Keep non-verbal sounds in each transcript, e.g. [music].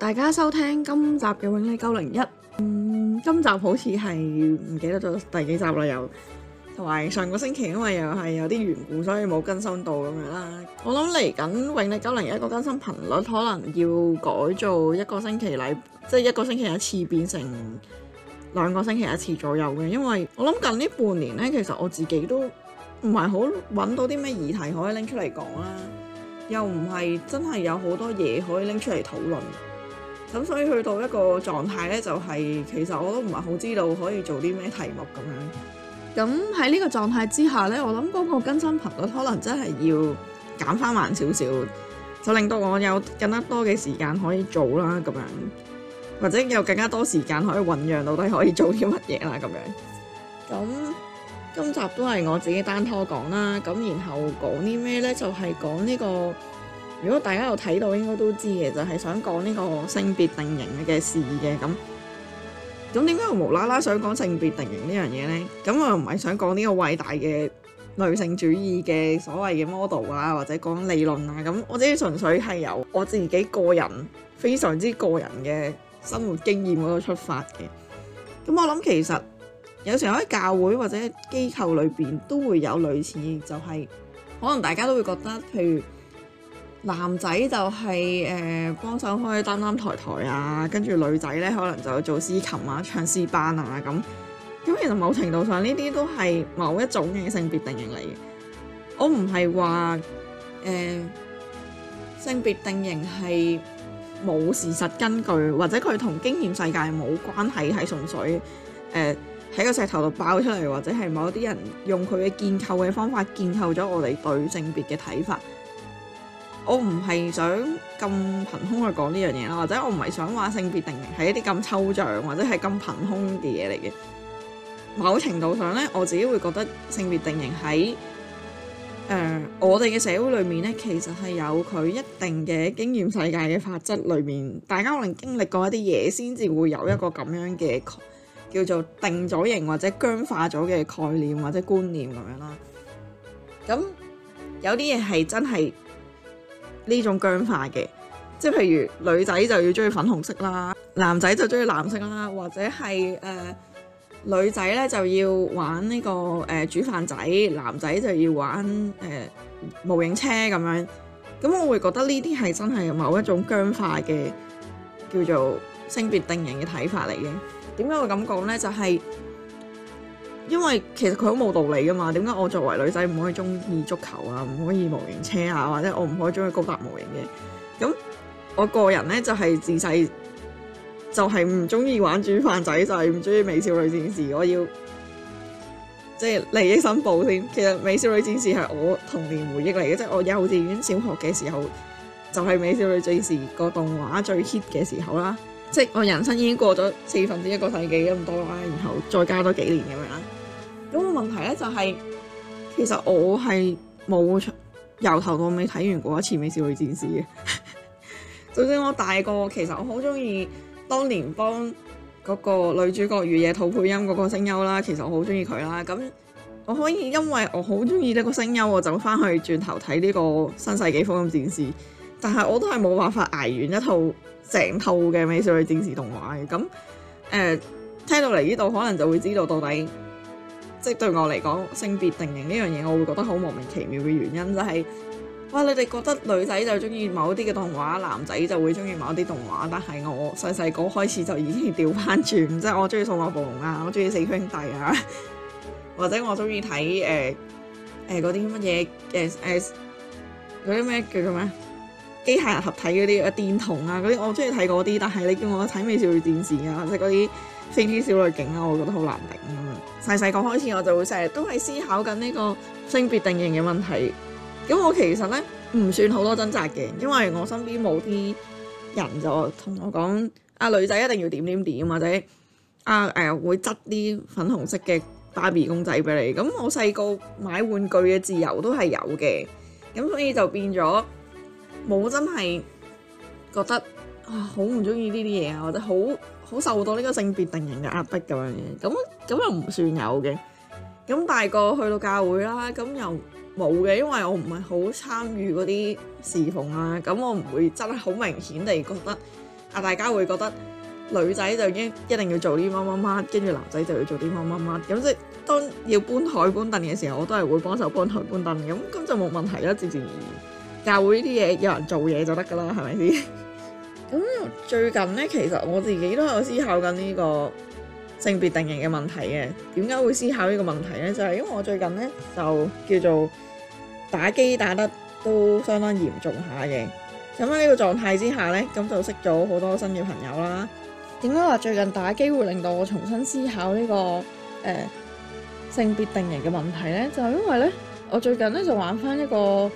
大家收聽今集嘅永利九零一。嗯，今集好似係唔記得咗第幾集啦，又同埋上個星期，因為又係有啲緣故，所以冇更新到咁樣啦。我諗嚟緊永利九零一個更新頻率，可能要改做一個星期禮，即係一個星期一次，變成兩個星期一次左右嘅。因為我諗近呢半年呢，其實我自己都唔係好揾到啲咩議題可以拎出嚟講啦。又唔係真係有好多嘢可以拎出嚟討論，咁所以去到一個狀態呢，就係其實我都唔係好知道可以做啲咩題目咁樣。咁喺呢個狀態之下呢，我諗嗰個更新頻率可能真係要減翻慢少少，就令到我有更加多嘅時間可以做啦，咁樣或者有更加多時間可以醞釀到底可以做啲乜嘢啦，咁樣咁。今集都係我自己單拖講啦，咁然後講啲咩呢？就係講呢個，如果大家有睇到，應該都知嘅，就係想講呢個性別定型嘅事嘅咁。咁點解我無啦啦想講性別定型呢樣嘢呢？咁我又唔係想講呢個偉大嘅女性主義嘅所謂嘅 model 啊，或者講理論啊，咁我只係純粹係由我自己個人非常之個人嘅生活經驗嗰度出發嘅。咁我諗其實。有時喺教會或者機構裏邊都會有類似，就係可能大家都會覺得，譬如男仔就係、是、誒、呃、幫手開擔擔抬抬啊，跟住女仔咧可能就做司琴啊、唱詩班啊咁。咁其實某程度上呢啲都係某一種嘅性別定型嚟嘅。我唔係話誒性別定型係冇事實根據，或者佢同經驗世界冇關係，係純粹誒。呃喺個石頭度爆出嚟，或者係某啲人用佢嘅建構嘅方法建構咗我哋對性別嘅睇法。我唔係想咁憑空去講呢樣嘢啦，或者我唔係想話性別定型係一啲咁抽象或者係咁憑空嘅嘢嚟嘅。某程度上呢，我自己會覺得性別定型喺誒、呃、我哋嘅社會裏面呢，其實係有佢一定嘅經驗世界嘅法則裏面，大家可能經歷過一啲嘢先至會有一個咁樣嘅。叫做定咗型或者僵化咗嘅概念或者觀念咁樣啦。咁有啲嘢係真係呢種僵化嘅，即係譬如女仔就要中意粉紅色啦，男仔就中意藍色啦，或者係誒、呃、女仔咧就要玩呢、這個誒、呃、煮飯仔，男仔就要玩誒、呃、模型車咁樣。咁我會覺得呢啲係真係某一種僵化嘅叫做性別定型嘅睇法嚟嘅。點解會咁講咧？就係、是、因為其實佢好冇道理噶嘛。點解我作為女仔唔可以中意足球啊？唔可以模型車啊？或者我唔可以中意高達模型嘅？咁我個人咧就係、是、自細就係唔中意玩煮飯仔，就係唔中意美少女戰士。我要即係、就是、利益申報先。其實美少女戰士係我童年回憶嚟嘅，即、就、係、是、我幼稚園、小學嘅時候就係、是、美少女戰士個動畫最 hit 嘅時候啦。即我人生已經過咗四分之一個世紀咁多啦，然後再加多幾年咁樣啦。咁個問題咧就係、是，其實我係冇從由頭到尾睇完過一次《美少女戰士》嘅。就算我大個，其實我好中意當年幫嗰個女主角月野兔配音嗰個聲優啦，其實我好中意佢啦。咁我可以因為我好中意呢個聲優，我就翻去轉頭睇呢個《新世紀福音戰士》。但係我都係冇辦法捱完一套成套嘅《美少女戰士》動畫嘅，咁誒、呃、聽到嚟呢度可能就會知道到底，即係對我嚟講性別定型呢樣嘢，我會覺得好莫名其妙嘅原因就係、是，哇！你哋覺得女仔就中意某啲嘅動畫，男仔就會中意某啲動畫，但係我細細個開始就已經掉翻轉，即、就、係、是、我中意《數碼暴龍》啊，我中意《四兄弟》啊，或者我中意睇誒誒嗰啲乜嘢嘅誒嗰啲咩叫做咩？機械人合體嗰啲啊，電筒啊嗰啲，我中意睇嗰啲。但係你叫我睇美少女戰士啊，或者嗰啲飛天小女警啊，我覺得好難頂啊！細細個開始我就會成日都係思考緊、這、呢個性別定型嘅問題。咁我其實呢，唔算好多掙扎嘅，因為我身邊冇啲人就同我講啊，女仔一定要點點點，或者啊誒、呃、會執啲粉紅色嘅芭比公仔俾你。咁我細個買玩具嘅自由都係有嘅，咁所以就變咗。冇真係覺得啊，好唔中意呢啲嘢啊，或者好好受到呢個性別定型嘅壓迫咁樣嘅，咁咁又唔算有嘅。咁大個去到教會啦，咁又冇嘅，因為我唔係好參與嗰啲侍奉啦。咁我唔會真係好明顯地覺得啊，大家會覺得女仔就已經一定要做啲乜乜乜，跟住男仔就要做啲乜乜乜。咁即係當要搬台搬凳嘅時候，我都係會幫手搬台搬凳，咁咁就冇問題啦，自自然然。教會呢啲嘢，有人做嘢就得噶啦，係咪先？咁 [laughs] 最近咧，其實我自己都有思考緊呢個性別定型嘅問題嘅。點解會思考呢個問題咧？就係、是、因為我最近咧就叫做打機打得都相當嚴重下嘅。咁喺呢個狀態之下咧，咁就識咗好多新嘅朋友啦。點解話最近打機會令到我重新思考呢、呢個誒、呃、性別定型嘅問題咧？就係、因為咧，我最近咧就玩翻一個。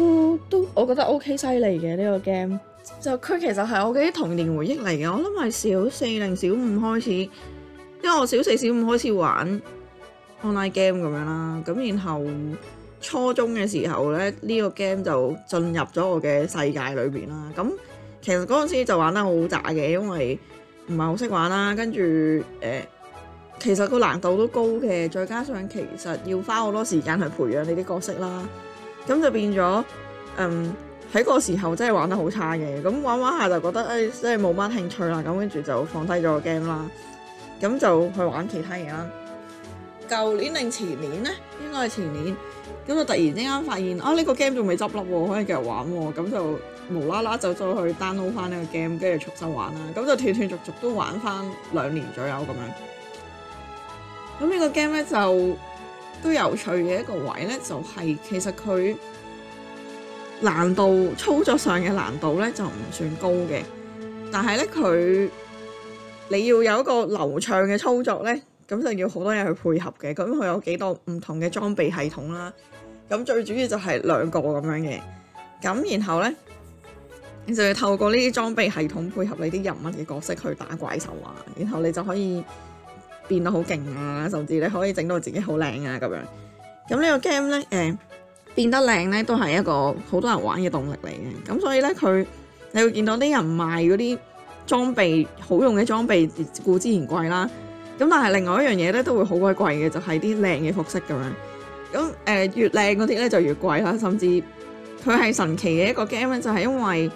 都都，我覺得 OK，犀利嘅呢個 game 就佢其實係我嘅童年回憶嚟嘅。我諗係小四定小五開始，因為我小四小五開始玩 online game 咁樣啦。咁然後初中嘅時候呢，呢個 game 就進入咗我嘅世界裏邊啦。咁其實嗰陣時就玩得好好渣嘅，因為唔係好識玩啦。跟住誒，其實個難度都高嘅，再加上其實要花好多時間去培養你啲角色啦。咁就變咗，嗯，喺個時候真係玩得好差嘅，咁玩玩下就覺得，哎，真係冇乜興趣啦，咁跟住就放低咗個 game 啦，咁就去玩其他嘢啦。舊年定前年咧，應該係前年，咁就突然之間發現，啊呢個 game 仲未執笠喎，可以繼續玩喎，咁就無啦啦走咗去 download 翻呢個 game，跟住重新玩啦，咁就斷斷續續都玩翻兩年左右咁樣。咁呢個 game 咧就。都有趣嘅一個位咧，就係其實佢難度操作上嘅難度咧就唔算高嘅，但係咧佢你要有一個流暢嘅操作咧，咁就要好多嘢去配合嘅。咁佢有幾多唔同嘅裝備系統啦，咁最主要就係兩個咁樣嘅，咁然後咧你就要透過呢啲裝備系統配合你啲人物嘅角色去打怪獸啊，然後你就可以。變得好勁啊！甚至你可以整到自己好靚啊咁樣。咁呢個 game 咧，誒、呃、變得靚咧都係一個好多人玩嘅動力嚟嘅。咁所以咧佢，你會見到啲人賣嗰啲裝備好用嘅裝備，固之然貴啦。咁但係另外一樣嘢咧都會好鬼貴嘅，就係啲靚嘅服飾咁樣。咁誒、呃、越靚嗰啲咧就越貴啦，甚至佢係神奇嘅一個 game 咧，就係、是、因為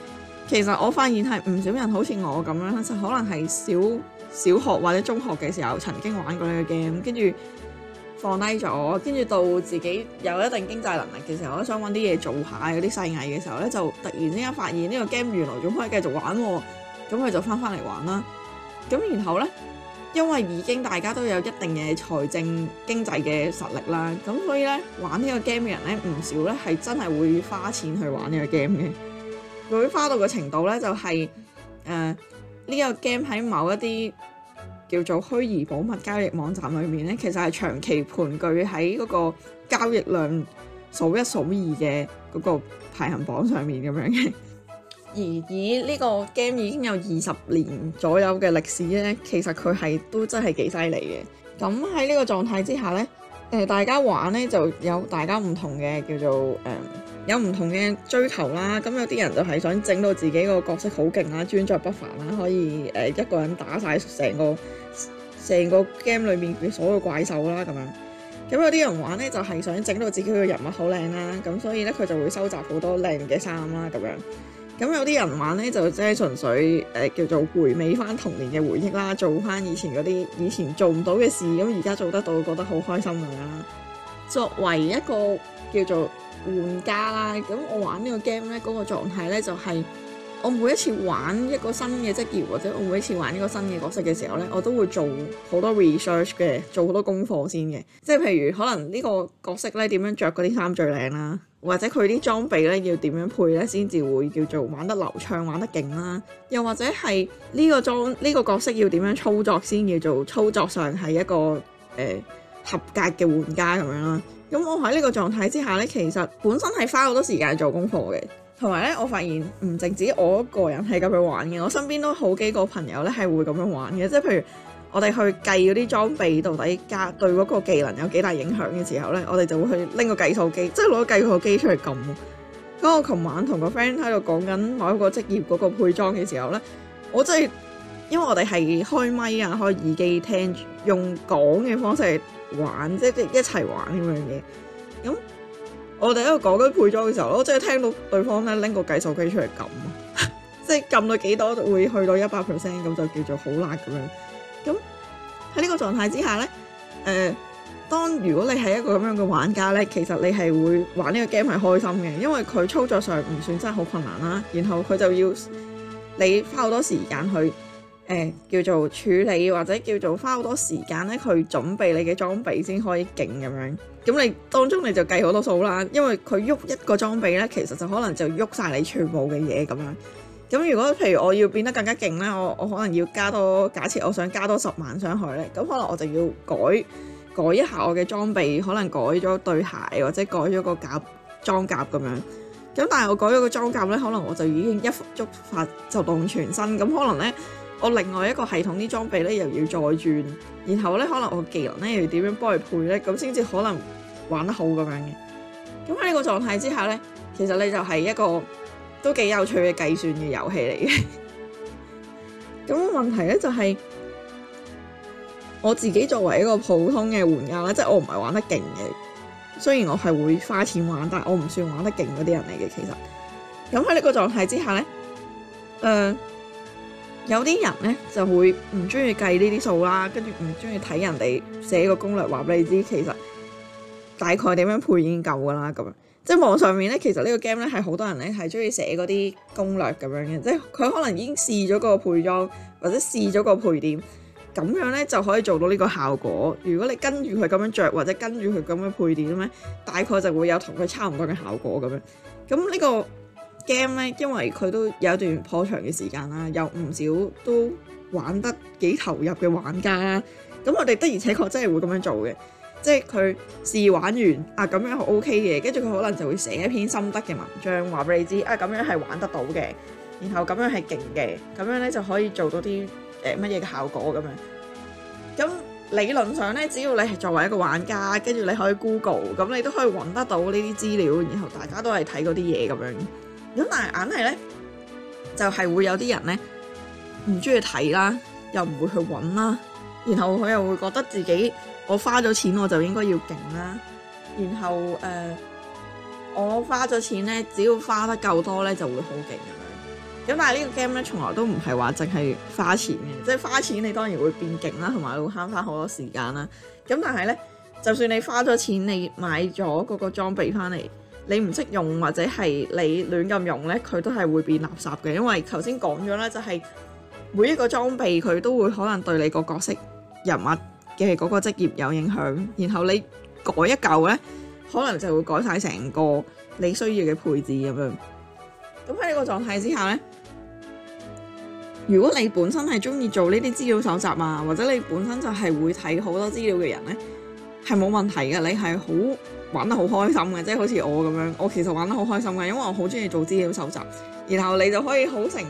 其實我發現係唔少人好似我咁樣，就可能係少。小學或者中學嘅時候曾經玩過呢個 game，跟住放低咗，跟住到自己有一定經濟能力嘅時候，我想揾啲嘢做下嗰啲細藝嘅時候咧，就突然之間發現呢個 game 原來仲可以繼續玩，咁、嗯、佢就翻翻嚟玩啦。咁、嗯、然後咧，因為已經大家都有一定嘅財政經濟嘅實力啦，咁、嗯、所以咧玩呢個 game 嘅人咧唔少咧，係真係會花錢去玩呢個 game 嘅。佢花到嘅程度咧就係、是、誒。呃呢個 game 喺某一啲叫做虛擬寶物交易網站裏面呢，其實係長期盤踞喺嗰個交易量數一數二嘅嗰個排行榜上面咁樣嘅。 [laughs] 而以呢個 game 已經有二十年左右嘅歷史呢，其實佢係都真係幾犀利嘅。咁喺呢個狀態之下呢，誒、呃、大家玩呢就有大家唔同嘅叫做誒。呃有唔同嘅追求啦，咁有啲人就係想整到自己個角色好勁啦，專着不凡啦，可以誒一個人打晒成個成個 game 裏面嘅所有怪獸啦，咁樣。咁有啲人玩呢，就係想整到自己個人物好靚啦，咁所以呢，佢就會收集好多靚嘅衫啦，咁樣。咁有啲人玩呢，就即係純粹誒叫做回味翻童年嘅回憶啦，做翻以前嗰啲以前做唔到嘅事，咁而家做得到，覺得好開心咁樣啦。作為一個叫做玩家啦，咁我玩呢個 game 咧，嗰個狀態咧就係我每一次玩一個新嘅職業或者我每一次玩呢個新嘅角色嘅時候咧，我都會做好多 research 嘅，做好多功課先嘅。即係譬如可能呢個角色咧點樣着嗰啲衫最靚啦，或者佢啲裝備咧要點樣配咧先至會叫做玩得流暢、玩得勁啦。又或者係呢個裝呢個角色要點樣操作先叫做操作上係一個誒，呃合格嘅玩家咁樣啦，咁我喺呢個狀態之下呢，其實本身係花好多時間做功課嘅，同埋呢，我發現唔淨止我一個人係咁樣玩嘅，我身邊都好幾個朋友呢係會咁樣玩嘅，即係譬如我哋去計嗰啲裝備到底加對嗰個技能有幾大影響嘅時候呢，我哋就會去拎個計數機，即係攞計數機出嚟撳。咁我琴晚同個 friend 喺度講緊某個職業嗰個配裝嘅時候呢，我真係因為我哋係開咪啊，開耳機聽，用講嘅方式。玩即係一齊玩咁樣嘢，咁我哋喺度講緊配裝嘅時候，我真係聽到對方咧拎個計數機出嚟撳 [laughs] 即係撳到幾多會去到一百 percent 咁就叫做好辣咁樣。咁喺呢個狀態之下呢，誒、呃，當如果你係一個咁樣嘅玩家呢，其實你係會玩呢個 game 係開心嘅，因為佢操作上唔算真係好困難啦。然後佢就要你花好多時間去。誒、欸、叫做處理，或者叫做花好多時間咧去準備你嘅裝備先可以勁咁樣。咁你當中你就計好多數啦，因為佢喐一個裝備咧，其實就可能就喐晒你全部嘅嘢咁樣。咁如果譬如我要變得更加勁咧，我我可能要加多，假設我想加多十萬上去咧，咁可能我就要改改一下我嘅裝備，可能改咗對鞋或者改咗個甲裝甲咁樣。咁但係我改咗個裝甲咧，可能我就已經一觸發就當全身咁，可能咧。我另外一個系統啲裝備咧又要再轉，然後咧可能我嘅技能咧又要點樣幫佢配咧，咁先至可能玩得好咁樣嘅。咁喺呢個狀態之下咧，其實你就係一個都幾有趣嘅計算嘅遊戲嚟嘅。咁 [laughs] 問題咧就係、是、我自己作為一個普通嘅玩家咧，即係我唔係玩得勁嘅。雖然我係會花錢玩，但係我唔算玩得勁嗰啲人嚟嘅。其實咁喺呢個狀態之下咧，誒、呃。有啲人咧就會唔中意計呢啲數啦，跟住唔中意睇人哋寫個攻略話俾你知，其實大概點樣配已經夠噶啦咁樣。即係網上面咧，其實呢個 game 咧係好多人咧係中意寫嗰啲攻略咁樣嘅，即係佢可能已經試咗個配裝或者試咗個配點，咁樣咧就可以做到呢個效果。如果你跟住佢咁樣着，或者跟住佢咁樣配點咧，大概就會有同佢差唔多嘅效果咁樣。咁呢個 game 咧，因為佢都有一段頗長嘅時間啦，有唔少都玩得幾投入嘅玩家啦。咁我哋的而且確真係會咁樣做嘅，即係佢試玩完啊咁樣係 OK 嘅，跟住佢可能就會寫一篇心得嘅文章，話俾你知啊咁樣係玩得到嘅，然後咁樣係勁嘅，咁樣咧就可以做到啲誒乜嘢嘅效果咁樣。咁理論上咧，只要你係作為一個玩家，跟住你可以 Google，咁你都可以揾得到呢啲資料，然後大家都係睇嗰啲嘢咁樣。咁但係硬係咧，就係、是、會有啲人咧唔中意睇啦，又唔會去搵啦，然後佢又會覺得自己我花咗錢我就應該要勁啦，然後誒、呃、我花咗錢咧，只要花得夠多咧就會好勁咁樣。咁但係呢個 game 咧從來都唔係話淨係花錢嘅，即係花錢你當然會變勁啦，同埋會慳翻好多時間啦。咁但係咧，就算你花咗錢，你買咗嗰個裝備翻嚟，你唔識用或者係你亂咁用呢，佢都係會變垃圾嘅。因為頭先講咗咧，就係每一個裝備佢都會可能對你個角色人物嘅嗰個職業有影響。然後你改一嚿呢，可能就會改晒成個你需要嘅配置咁樣。咁喺呢個狀態之下呢，如果你本身係中意做呢啲資料搜集啊，或者你本身就係會睇好多資料嘅人呢，係冇問題嘅。你係好。玩得好開心嘅，即係好似我咁樣，我其實玩得好開心嘅，因為我好中意做資料搜集。然後你就可以好成，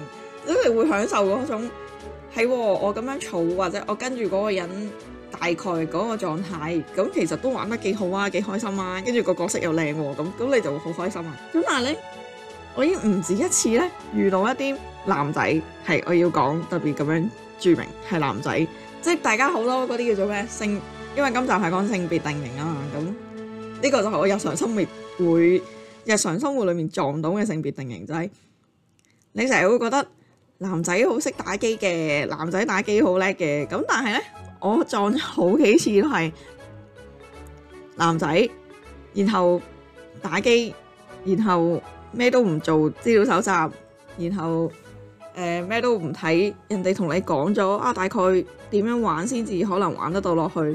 你會享受嗰種係、哦、我咁樣儲或者我跟住嗰個人大概嗰個狀態，咁其實都玩得幾好啊，幾開心啊。跟住個角色又靚喎，咁咁你就會好開心啊。咁但係咧，我已經唔止一次咧遇到一啲男仔，係我要講特別咁樣註明係男仔，即係大家好多嗰啲叫做咩性，因為今集係講性別定型啊嘛，咁。呢個就係我日常生活會日常生活裏面撞到嘅性別定型仔。你成日會覺得男仔好識打機嘅，男仔打機好叻嘅。咁但係呢，我撞咗好幾次都係男仔，然後打機，然後咩都唔做資料搜集，然後誒咩都唔睇。人哋同你講咗啊，大概點樣玩先至可能玩得到落去。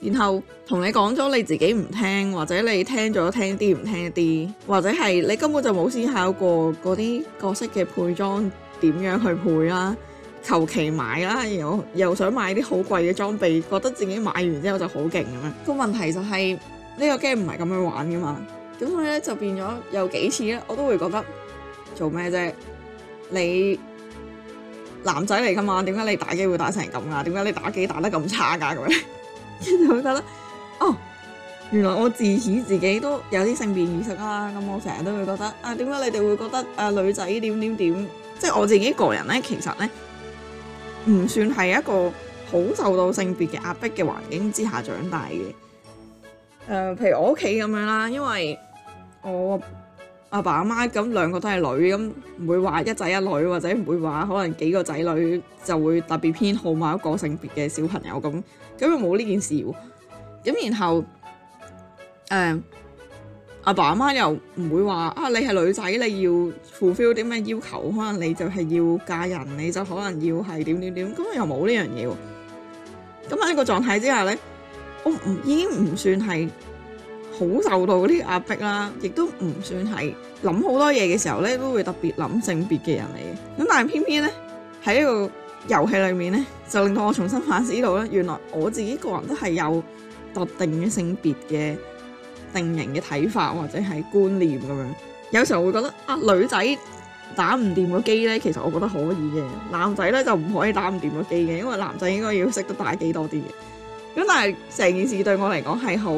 然後同你講咗，你自己唔聽，或者你聽咗聽啲唔聽啲，或者係你根本就冇思考過嗰啲角色嘅配裝點樣去配啦，求其買啦，又又想買啲好貴嘅裝備，覺得自己買完之後就好勁咁樣。個問題就係呢個 game 唔係咁樣玩噶嘛，咁所以咧，就變咗有幾次咧，我都會覺得做咩啫？你男仔嚟噶嘛？點解你打機會打成咁呀？點解你打機打得咁差噶？咁樣？跟住會覺得，哦，原來我自己自己都有啲性別意識啦。咁我成日都會覺得，啊，點解你哋會覺得，啊、呃，女仔點點點？ [laughs] 即係我自己個人咧，其實咧，唔算係一個好受到性別嘅壓迫嘅環境之下長大嘅。誒、呃，譬如我屋企咁樣啦，因為我，阿爸阿媽咁兩個都係女，咁唔會話一仔一女，或者唔會話可能幾個仔女就會特別偏好某一個性別嘅小朋友咁，咁又冇呢件事。咁然後誒，阿爸阿媽又唔會話啊，你係女仔，你要 fulfill 啲咩要求？可能你就係要嫁人，你就可能要係點點點，咁又冇呢樣嘢。咁喺呢個狀態之下咧，我唔已經唔算係好受到啲壓迫啦，亦都唔算係諗好多嘢嘅時候咧，都會特別諗性別嘅人嚟嘅。咁但係偏偏咧喺呢個遊戲裡面咧，就令到我重新反思到咧，原來我自己個人都係有特定嘅性別嘅定型嘅睇法或者係觀念咁樣。有時候會覺得啊，女仔打唔掂個機咧，其實我覺得可以嘅；男仔咧就唔可以打唔掂個機嘅，因為男仔應該要識得打機多啲嘅。咁但係成件事對我嚟講係好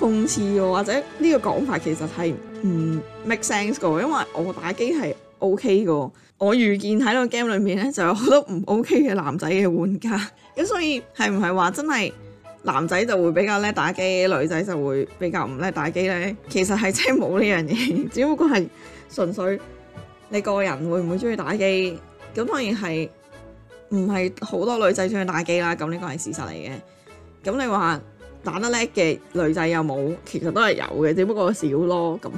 諷刺嘅，或者呢個講法其實係唔 make sense 嘅，因為我打機係 O K 嘅，我遇見喺個 game 裏面咧就有好多唔 O K 嘅男仔嘅玩家，咁 [laughs] 所以係唔係話真係男仔就會比較叻打機，女仔就會比較唔叻打機咧？其實係真係冇呢樣嘢，只不過係純粹你個人會唔會中意打機，咁當然係唔係好多女仔中意打機啦，咁呢個係事實嚟嘅。咁你話打得叻嘅女仔有冇？其實都係有嘅，只不過少咯。咁，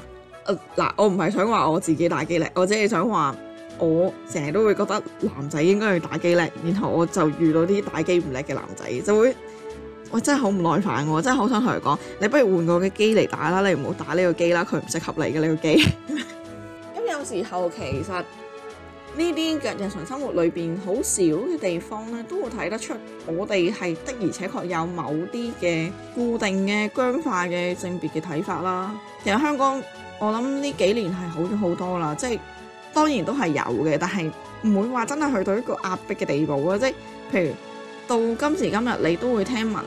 呃嗱，我唔係想話我自己打機叻，我只係想話我成日都會覺得男仔應該要打機叻，然後我就遇到啲打機唔叻嘅男仔，就會，我、哎、真係好唔耐煩喎！真係好想同佢講，你不如換個嘅機嚟打啦，你唔好打呢個機啦，佢唔適合你嘅呢個機。咁、這個、 [laughs] 有時候其實。呢啲嘅日常生活裏邊，好少嘅地方咧，都會睇得出我哋係的而且確有某啲嘅固定嘅僵化嘅性別嘅睇法啦。其實香港，我諗呢幾年係好咗好多啦。即係當然都係有嘅，但係唔會話真係去到一個壓迫嘅地步啦。即係譬如到今時今日，你都會聽聞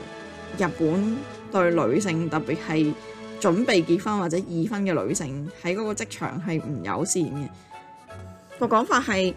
日本對女性，特別係準備結婚或者已婚嘅女性喺嗰個職場係唔友善嘅。個講法係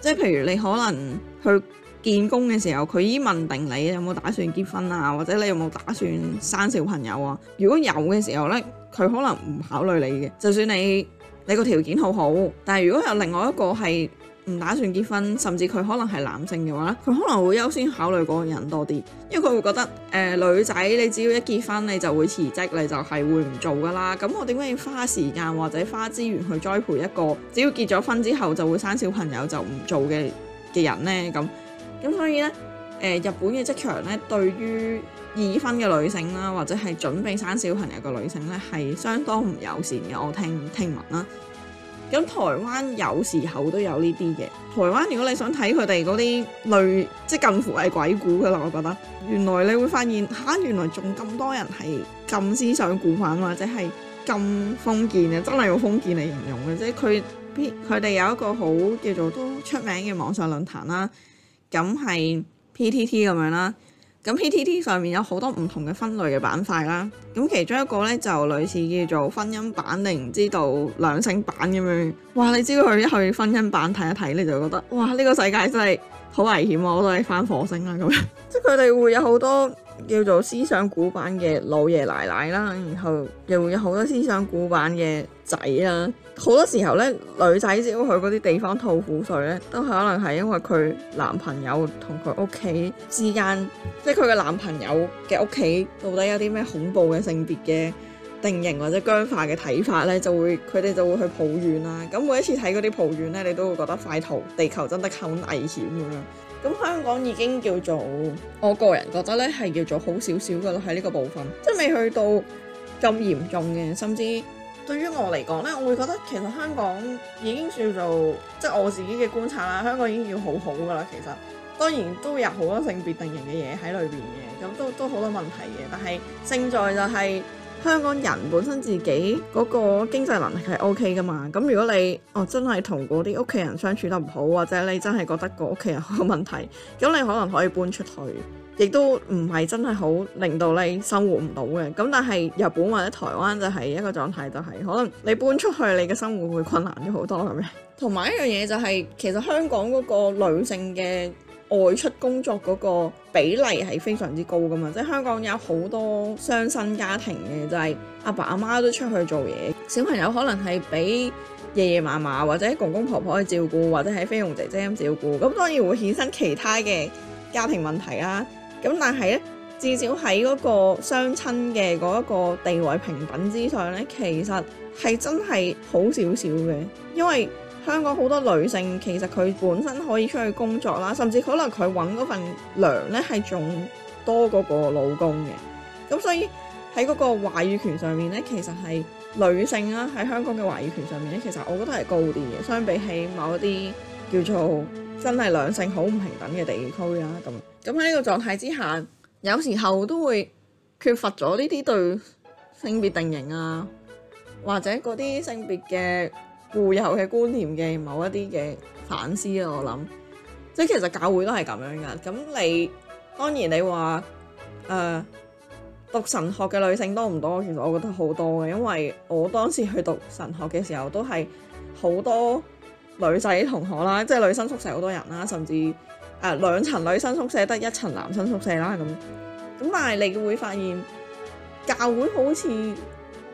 即係，譬如你可能去見工嘅時候，佢已經問定你有冇打算結婚啊，或者你有冇打算生小朋友啊。如果有嘅時候咧，佢可能唔考慮你嘅，就算你你個條件好好，但係如果有另外一個係。唔打算結婚，甚至佢可能係男性嘅話咧，佢可能會優先考慮嗰個人多啲，因為佢會覺得誒、呃、女仔你只要一結婚你就會辭職，你就係會唔做噶啦。咁我點解要花時間或者花資源去栽培一個只要結咗婚之後就會生小朋友就唔做嘅嘅人呢？咁咁所以呢，呃、日本嘅職場咧，對於已婚嘅女性啦，或者係準備生小朋友嘅女性呢，係相當唔友善嘅。我聽聽聞啦。咁台灣有時候都有呢啲嘅。台灣如果你想睇佢哋嗰啲類，即係近乎係鬼故噶啦，我覺得原來你會發現嚇、啊，原來仲咁多人係咁思想古板或者係咁封建嘅，真係用封建嚟形容嘅，即係佢佢哋有一個好叫做都出名嘅網上論壇啦，咁係 PTT 咁樣啦。咁 PTT 上面有好多唔同嘅分類嘅板塊啦，咁其中一個呢就類似叫做婚姻版，定唔知道兩性版咁樣。哇！你知道佢一去婚姻版睇一睇，你就覺得哇，呢、這個世界真係好危險啊！我都係翻火星啦、啊、咁樣，即係佢哋會有好多。叫做思想古板嘅老爺奶奶啦，然後又會有好多思想古板嘅仔啦。好多時候咧，女仔只要去嗰啲地方吐苦水咧，都可能係因為佢男朋友同佢屋企之間，即係佢嘅男朋友嘅屋企到底有啲咩恐怖嘅性別嘅定型或者僵化嘅睇法咧，就會佢哋就會去抱怨啦。咁每一次睇嗰啲抱怨咧，你都會覺得快逃！地球真係好危險咁樣。咁香港已經叫做，我個人覺得咧係叫做好少少噶啦，喺呢個部分，即係未去到咁嚴重嘅，甚至對於我嚟講咧，我會覺得其實香港已經叫做，即係我自己嘅觀察啦，香港已經要好好噶啦。其實當然都有好多性別定型嘅嘢喺裏邊嘅，咁都都好多問題嘅，但係勝在就係、是。香港人本身自己嗰個經濟能力係 OK 噶嘛，咁如果你哦真係同嗰啲屋企人相處得唔好，或者你真係覺得個屋企人有問題，咁你可能可以搬出去，亦都唔係真係好令到你生活唔到嘅。咁但係日本或者台灣就係一個狀態，就是，就係可能你搬出去，你嘅生活會困難咗好多咁樣，同埋一樣嘢就係，是、其實香港嗰個女性嘅。外出工作嗰個比例係非常之高噶嘛，即係香港有好多雙親家庭嘅，就係阿爸阿媽都出去做嘢，小朋友可能係俾爺爺嫲嫲或者公公婆婆婆去照顧，或者係菲傭姐姐咁照顧，咁當然會衍生其他嘅家庭問題啦。咁但係咧，至少喺嗰個雙親嘅嗰一個地位平等之上咧，其實係真係好少少嘅，因為。香港好多女性，其實佢本身可以出去工作啦，甚至可能佢揾嗰份糧呢，係仲多過個老公嘅。咁所以喺嗰個話語權上面呢，其實係女性啦，喺香港嘅話語權上面呢，其實我覺得係高啲嘅，相比起某一啲叫做真係兩性好唔平等嘅地區啦。咁咁喺呢個狀態之下，有時候都會缺乏咗呢啲對性別定型啊，或者嗰啲性別嘅。固有嘅觀念嘅某一啲嘅反思啊，我諗，即係其實教會都係咁樣㗎。咁你當然你話誒、呃、讀神學嘅女性多唔多？其實我覺得好多嘅，因為我當時去讀神學嘅時候都係好多女仔同學啦，即係女生宿舍好多人啦，甚至誒、呃、兩層女生宿舍得一層男生宿舍啦咁。咁但係你會發現教會好似。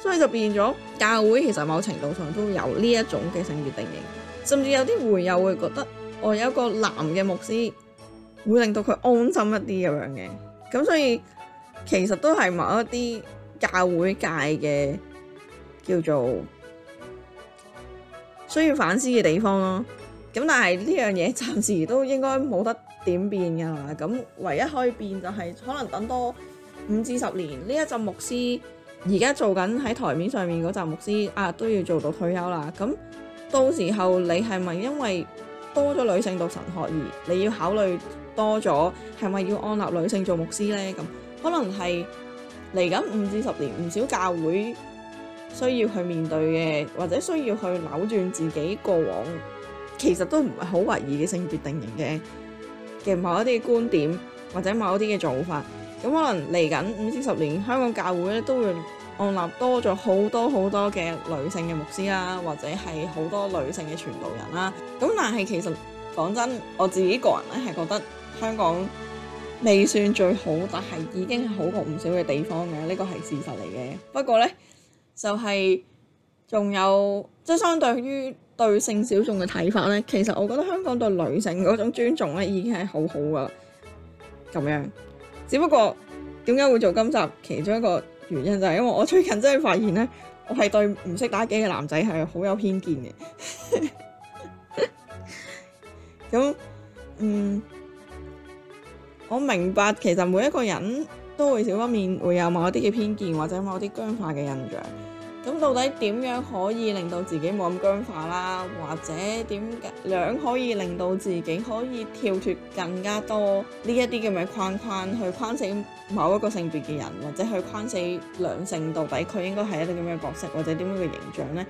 所以就變咗教會，其實某程度上都有呢一種嘅性別定型，甚至有啲會友會覺得，我有一個男嘅牧師會令到佢安心一啲咁樣嘅，咁所以其實都係某一啲教會界嘅叫做需要反思嘅地方咯。咁但係呢樣嘢暫時都應該冇得點變噶咁唯一可以變就係可能等多五至十年呢一陣牧師。而家做緊喺台面上面嗰扎牧師啊，都要做到退休啦。咁到時候你係咪因為多咗女性讀神學而你要考慮多咗係咪要按立女性做牧師呢？咁可能係嚟緊五至十年，唔少教會需要去面對嘅，或者需要去扭轉自己過往其實都唔係好懷疑嘅性別定型嘅嘅某一啲觀點或者某一啲嘅做法。咁可能嚟緊五至十年，香港教會咧都會按立多咗好多好多嘅女性嘅牧師啦，或者係好多女性嘅傳道人啦。咁但係其實講真，我自己個人咧係覺得香港未算最好，但係已經係好過唔少嘅地方嘅，呢個係事實嚟嘅。不過呢，就係、是、仲有，即係相對於對性小眾嘅睇法呢，其實我覺得香港對女性嗰種尊重咧已經係好好噶啦，咁樣。只不過點解會做今集，其中一個原因就係因為我最近真係發現呢，我係對唔識打機嘅男仔係好有偏見嘅。咁 [laughs] 嗯，我明白其實每一個人都會少不免會有某啲嘅偏見或者某一啲僵化嘅印象。咁到底點樣可以令到自己冇咁僵化啦？或者點樣可以令到自己可以跳脫更加多呢一啲咁嘅框框，去框死某一個性別嘅人，或者去框死兩性到底佢應該係一啲咁嘅角色，或者點樣嘅形象呢？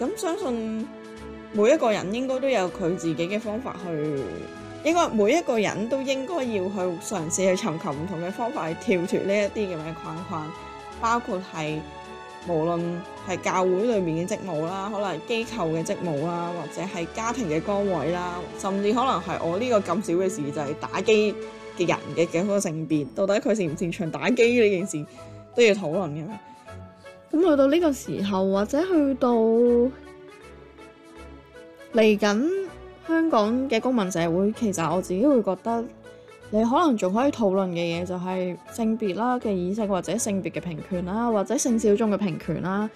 咁相信每一個人應該都有佢自己嘅方法去，應該每一個人都應該要去嘗試去尋求唔同嘅方法去跳脫呢一啲咁嘅框框，包括係。無論係教會裏面嘅職務啦，可能係機構嘅職務啦，或者係家庭嘅崗位啦，甚至可能係我呢個咁小嘅事，就係打機嘅人嘅嘅嗰個性別，到底佢擅唔擅長打機呢件事都要討論嘅。咁去到呢個時候，或者去到嚟緊香港嘅公民社會，其實我自己會覺得。你可能仲可以討論嘅嘢就係性別啦嘅意識或者性別嘅平權啦，或者性小眾嘅平權啦，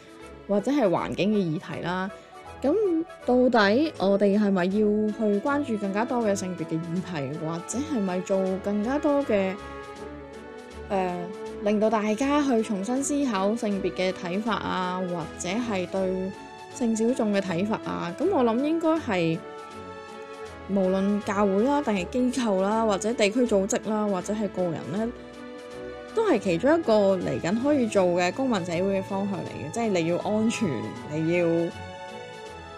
或者係環境嘅議題啦。咁到底我哋係咪要去關注更加多嘅性別嘅議題，或者係咪做更加多嘅誒、呃，令到大家去重新思考性別嘅睇法啊，或者係對性小眾嘅睇法啊？咁我諗應該係。無論教會啦，定係機構啦，或者地區組織啦，或者係個人咧，都係其中一個嚟緊可以做嘅公民社會嘅方向嚟嘅，即係你要安全，你要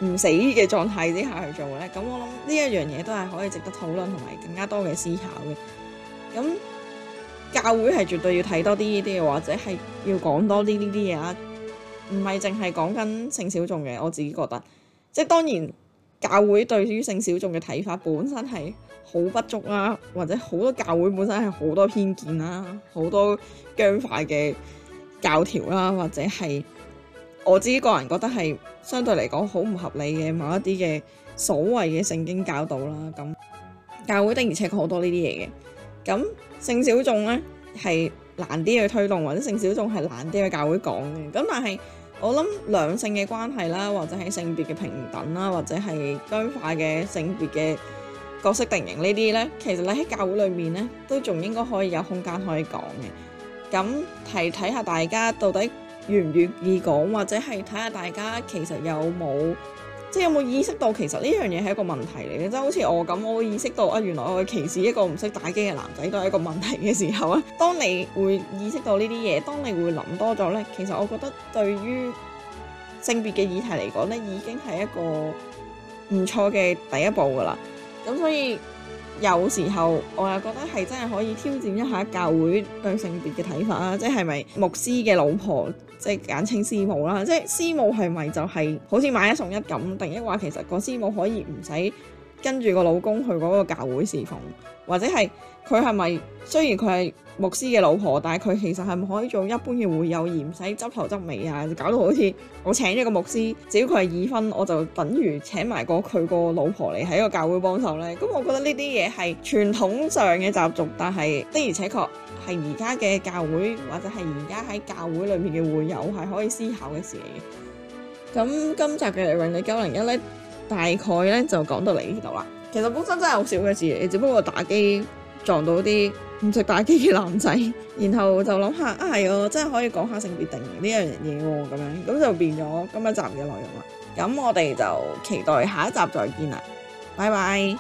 唔死嘅狀態之下去做咧。咁我諗呢一樣嘢都係可以值得討論同埋更加多嘅思考嘅。咁教會係絕對要睇多啲呢啲，或者係要講多啲呢啲嘢啦。唔係淨係講緊性小眾嘅，我自己覺得，即係當然。教會對於性小眾嘅睇法本身係好不足啦，或者好多教會本身係好多偏見啦，好多僵化嘅教條啦，或者係我自己個人覺得係相對嚟講好唔合理嘅某一啲嘅所謂嘅聖經教導啦。咁教會的而且確好多呢啲嘢嘅，咁性小眾呢係難啲去推動，或者性小眾係難啲去教會講嘅。咁但係，我諗兩性嘅關係啦，或者係性別嘅平等啦，或者係僵化嘅性別嘅角色定型呢啲呢，其實你喺教會裏面呢，都仲應該可以有空間可以講嘅。咁係睇下大家到底願唔願意講，或者係睇下大家其實有冇。即係有冇意識到其實呢樣嘢係一個問題嚟嘅，即係好似我咁，我會意識到啊，原來我歧視一個唔識打機嘅男仔都係一個問題嘅時候咧。當你會意識到呢啲嘢，當你會諗多咗咧，其實我覺得對於性別嘅議題嚟講咧，已經係一個唔錯嘅第一步㗎喇。咁所以有時候我又覺得係真係可以挑戰一下教會對性別嘅睇法啦，即係係咪牧師嘅老婆？即係簡稱司母啦，即係司母係咪就係好似買一送一咁？定抑或其實個司母可以唔使跟住個老公去嗰個教會侍奉，或者係佢係咪雖然佢係牧師嘅老婆，但係佢其實係唔可以做一般嘅會友，而唔使執頭執尾啊，搞到好似我請咗一個牧師，只要佢係已婚，我就等如請埋個佢個老婆嚟喺個教會幫手咧。咁我覺得呢啲嘢係傳統上嘅習俗，但係的而且確係而家嘅教會或者係而家喺教會裏面嘅會友係可以思考嘅事嚟嘅。咁今集嘅永利901咧，大概咧就講到嚟呢度啦。其實本身真係好少嘅事，你只不過打機撞到啲。唔識打機嘅男仔， [laughs] 然後就諗下啊，係哦，真係可以講下性別定型呢一樣嘢喎，咁樣咁就變咗今日集嘅內容啦。咁我哋就期待下一集再見啦，拜拜。